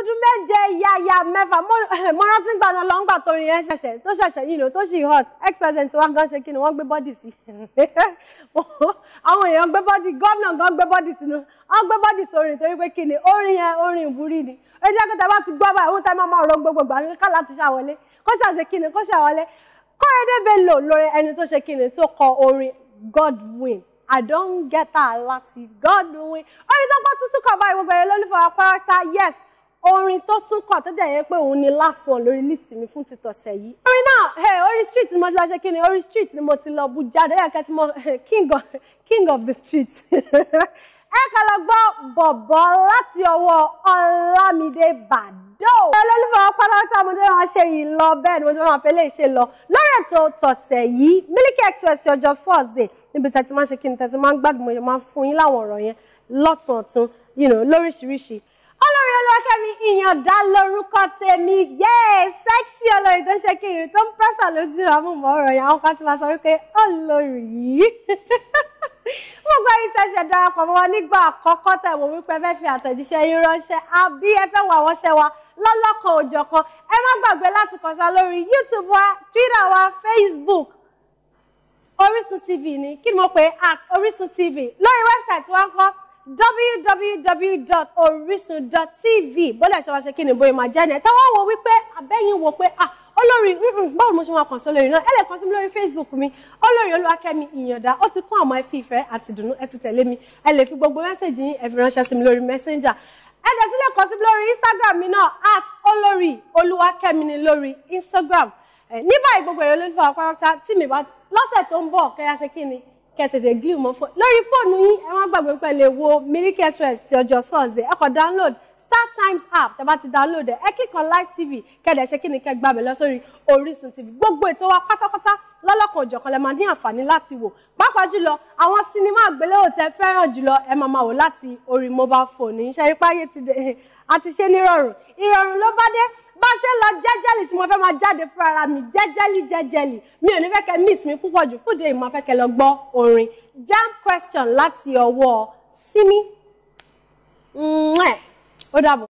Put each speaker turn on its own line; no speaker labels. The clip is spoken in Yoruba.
gudugudu méje yàyà mẹ́fà mo eh, rántí gbaná lọ ń gbà torin yẹn ṣẹ̀ṣẹ̀ tó ṣẹ̀ṣẹ̀ yìí lò tó ṣì hot ex president wa gan ṣe kí ni wọ́n gbé bọ́dì sí àwọn èèyàn gbé bọ́dì gómìnà gan gbé bọ́dì sínú wọ́n gbé bọ́dì sórin torí pé kí ni orin yẹn orin ìwúrí ni ẹ jẹ́ kí tẹ bá ti gbọ́ báyìí òun tẹ máa máa ro gbogbo gbà ká láti ṣàwọlé kó ṣàṣe kí ni kó ṣàwọlé Kọ́rẹ́dé Bello lórí ẹni tó ṣe kí ni tó kọ orin Godwin Adongeta láti Godwin orin tó bá tuntun kọ báyìí gbogbo ẹ̀ lólùfọ̀ apárátá yes orin tó súnkọ̀ tó dẹ̀ yẹn pé òun ni last one lórí list mi fún títọ̀sẹ̀ yìí. orin náà orí street ni mo ti lọ ṣe kí ni orí street ni mo ti lọ bu jáde ẹ̀ka tí mo king of the street. ẹ kà lọ gbọ́ bọ̀bọ̀ láti ọwọ́ Ọlámídé Bàdó. olólùfẹ́ pátápátá mo dé máa ṣe yìí lọ bẹ́ẹ̀ ni mo dé máa fẹ́ lè ṣe lọ lórí ètò tọ̀sẹ̀ yìí Miliki Express ọjọ́ Thursday níbi tẹ̀sí máa ṣe kí ni tẹ̀sí máa ń gbádùn mo máa ń fún yín láwọn ọ̀rọ̀ yẹn lọ́tún ọ̀tún lóríṣiríṣi olúwakẹ́mi ìyàndá lórúkọ tèmi yéé sẹ́ksì olórin tó ń ṣe kiri tó ń pẹ́sà lójú amúmọ̀ọ́rọ̀ yẹn àwọn kan ti máa sọ wípé olórin yìí gbogbo ayé tẹ ṣe darapọ̀ mọ́ wa nígbà àkọ́kọ́ tẹ̀ wọ́n wípé ẹ fẹ́ fi àtẹ̀jíṣẹ́ yín ránṣẹ́ àbí ẹ fẹ́ wọ àwọ̀ṣẹ́ wa lọ́lọ́kan òjọ̀kan ẹ má gbàgbé láti kàn sí wa lórí YouTube wa Twitter wa Facebook Orísun TV ni kí ni mo pè at Orísun TV lórí wẹ́bsáìtì wa ń kọ́ www.orisun.tv bọ́lá ìṣọ́wáṣẹ́ kí ni bóyá máa jẹ́ ni ẹ̀ táwọn wo wípé abẹ́yìn wo pé ah olórí báwo mo ṣe máa kàn sí olórí náà ẹlẹ́kan sí mi lórí facebook mi olórí olúwakẹ́mi ìyàndá ó ti kún àwọn ẹ̀fí ìfẹ́ àti ìdùnnú ẹ fi tẹ̀lé mi ẹ lè fi gbogbo mẹ́sẹ̀gì yín ẹ fi ránṣẹ́ sí mi lórí messenger ẹ dẹ̀ sílẹ̀ kàn sí mi lórí instagram mi náà at olórí olúwakẹ́mi ni lórí instagram ní báyìí gbogbo èrè olólùfẹ́ àpárátá tí mi bá lọ́sẹ̀ tó ń bọ̀ kẹ́yà ṣe kí ni kẹ́ tètè gíl mọ́ fún lórí fóònù yín ẹ wọ́n gbàgbé pẹ̀lú wo Miliki Express ti ọjọ́ Thursday ẹ kọ́ download Star Times app tẹ́ bá ti download ẹ ẹ kíkan Live TV kẹ́dẹ̀ ṣe kí ni kẹ́ gbàgbé lọ sórí Orísun TV gbogbo ètò wa pátápátá lọ́lọ́kan òjọ̀kan lẹ máa ní àǹfààní láti wò pàápàá jùlọ àwọn sinimá àgbéléwò tẹ́ fẹ́ràn jùlọ ẹ máa máa wò láti orí mobile phone yìí ṣe ipá yé ti dé àti ṣe nírọ̀rùn ìrọ̀rùn ló bá dé bá ṣe lọ jẹ́jẹ́lì tí mo fẹ́ máa jáde fún ara mi jẹ́jẹ́lì jẹ́jẹ́lì mi ò ní fẹ́ kẹ́ miss mi púpọ̀ jù fúde ìmọ̀ fẹ́ kẹ́ lọ gbọ́ orin jam question láti ọwọ́ sími ó dàbọ̀.